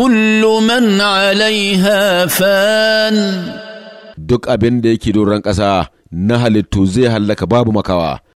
كل من عليها فان duk abinda da yake doron ƙasa na halittu zai hallaka babu makawa